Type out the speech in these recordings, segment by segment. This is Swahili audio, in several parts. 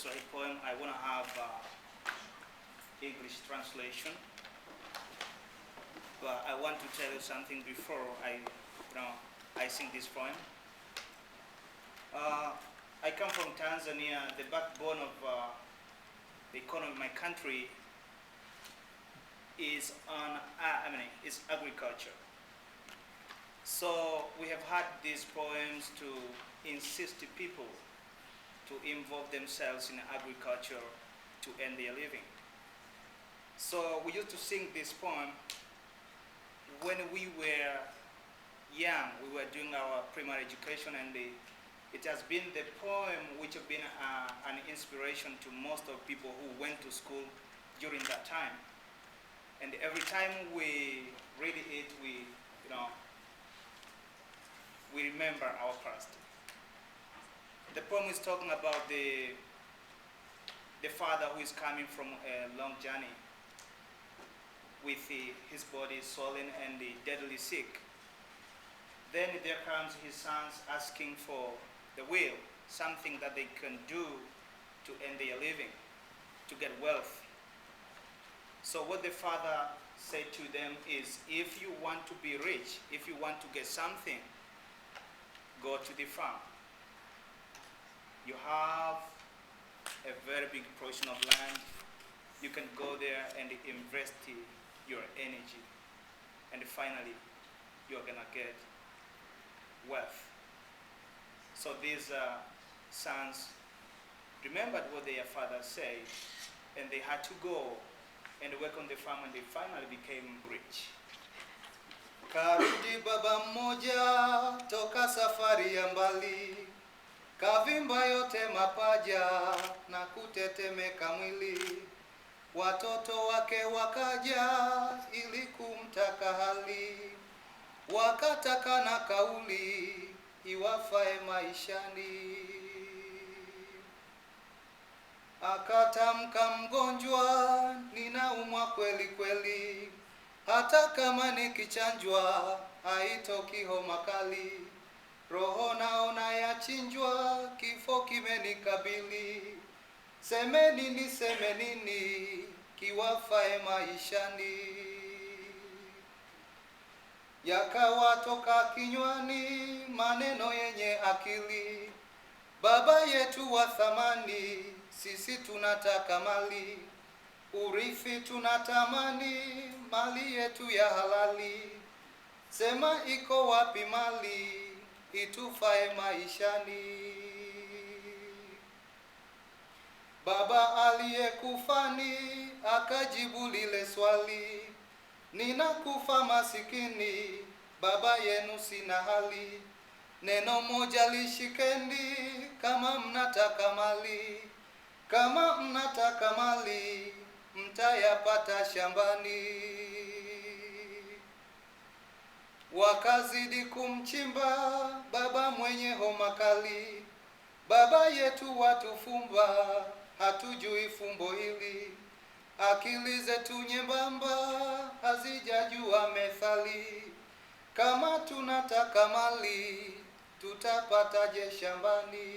Swahili poem, I want to have uh, English translation. But I want to tell you something before I, you know, I sing this poem. Uh, I come from Tanzania, the backbone of uh, the economy of my country is on, uh, I mean, is agriculture. So we have had these poems to insist to people to involve themselves in agriculture to earn their living. So we used to sing this poem when we were young, we were doing our primary education, and the, it has been the poem which has been uh, an inspiration to most of people who went to school during that time. And every time we read it, we, you know, we remember our past the poem is talking about the the father who is coming from a long journey with the, uh, his body swollen and uh, deadly sick. Then there comes his sons asking for the will, something that they can do to end their living, to get wealth. So what the father said to them is, if you want to be rich, if you want to get something, go to the farm you have a very big portion of land, you can go there and invest your energy. And finally, you're going to get wealth. So these uh, sons remembered what their father said, and they had to go and work on the farm, and they finally became rich. Karudi baba moja toka safari ya mbali kavimba yote mapaja na kutetemeka mwili. Watoto wake wakaja ili kumtaka hali, wakataka na kauli iwafae maishani. Akatamka mgonjwa, ninaumwa kweli kweli, hata kama nikichanjwa haitoki homa kali roho naona yachinjwa, kifo kimenikabili. Seme nini, seme nini kiwafae maishani? Yakawatoka kinywani maneno yenye akili. Baba yetu wa thamani, sisi tunataka mali, urithi tunatamani, mali yetu ya halali. Sema iko wapi mali itufae maishani. Baba aliyekufani akajibu lile swali, ninakufa masikini, baba yenu sina hali. Neno moja lishikeni, kama mnataka mali, kama mnataka mali mtayapata shambani wakazidi kumchimba baba mwenye homa kali. Baba yetu watufumba, hatujui fumbo hili, akili zetu nyembamba hazijajua methali. Kama tunataka mali tutapataje shambani?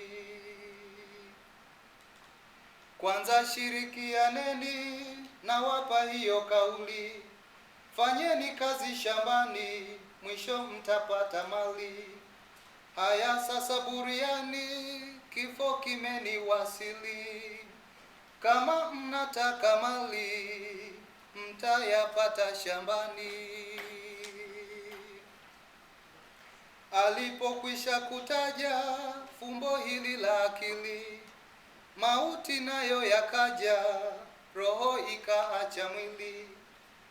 Kwanza shirikianeni, nawapa hiyo kauli, fanyeni kazi shambani mwisho mtapata mali. Haya sasa buriani, kifo kimeniwasili. Kama mnataka mali, mtayapata shambani. Alipokwisha kutaja fumbo hili la akili, mauti nayo yakaja, roho ikaacha mwili,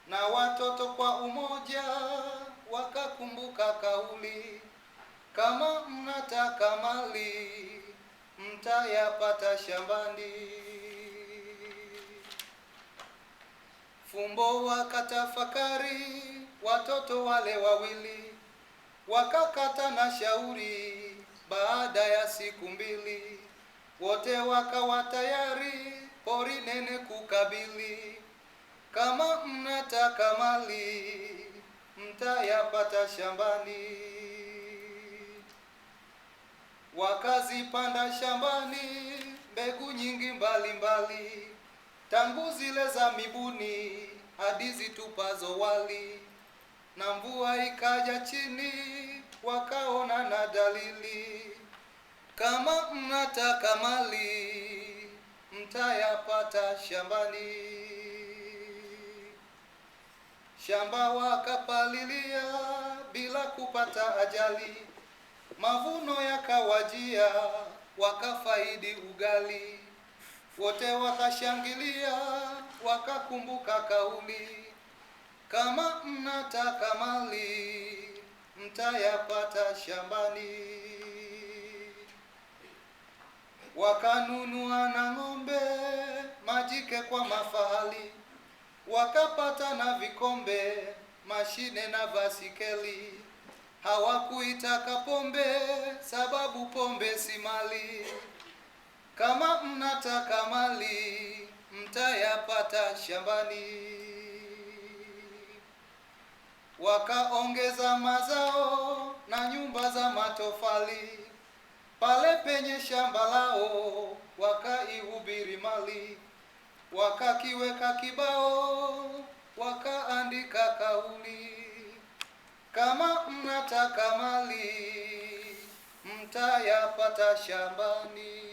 na watoto kwa umoja wakakumbuka kauli, kama mnataka mali mtayapata shambani. Fumbo wakatafakari watoto wale wawili, wakakata na shauri. Baada ya siku mbili, wote wakawa tayari pori nene kukabili, kama mnataka mali mtayapata shambani. Wakazipanda shambani mbegu nyingi mbalimbali, tangu zile za mibuni hadi zitupazo wali. Na mvua ikaja chini, wakaona na dalili, kama mnataka mali mtayapata shambani shamba wakapalilia bila kupata ajali, mavuno yakawajia wakafaidi ugali, wote wakashangilia wakakumbuka kauli, kama mnataka mali mtayapata shambani. Wakanunua na ng'ombe majike kwa mafahali wakapata na vikombe, mashine na basikeli, hawakuitaka pombe sababu pombe si mali. Kama mnataka mali mtayapata shambani. Wakaongeza mazao na nyumba za matofali, pale penye shamba lao wakaihubiri mali wakakiweka kibao, wakaandika kauli, kama mnataka mali mtayapata shambani.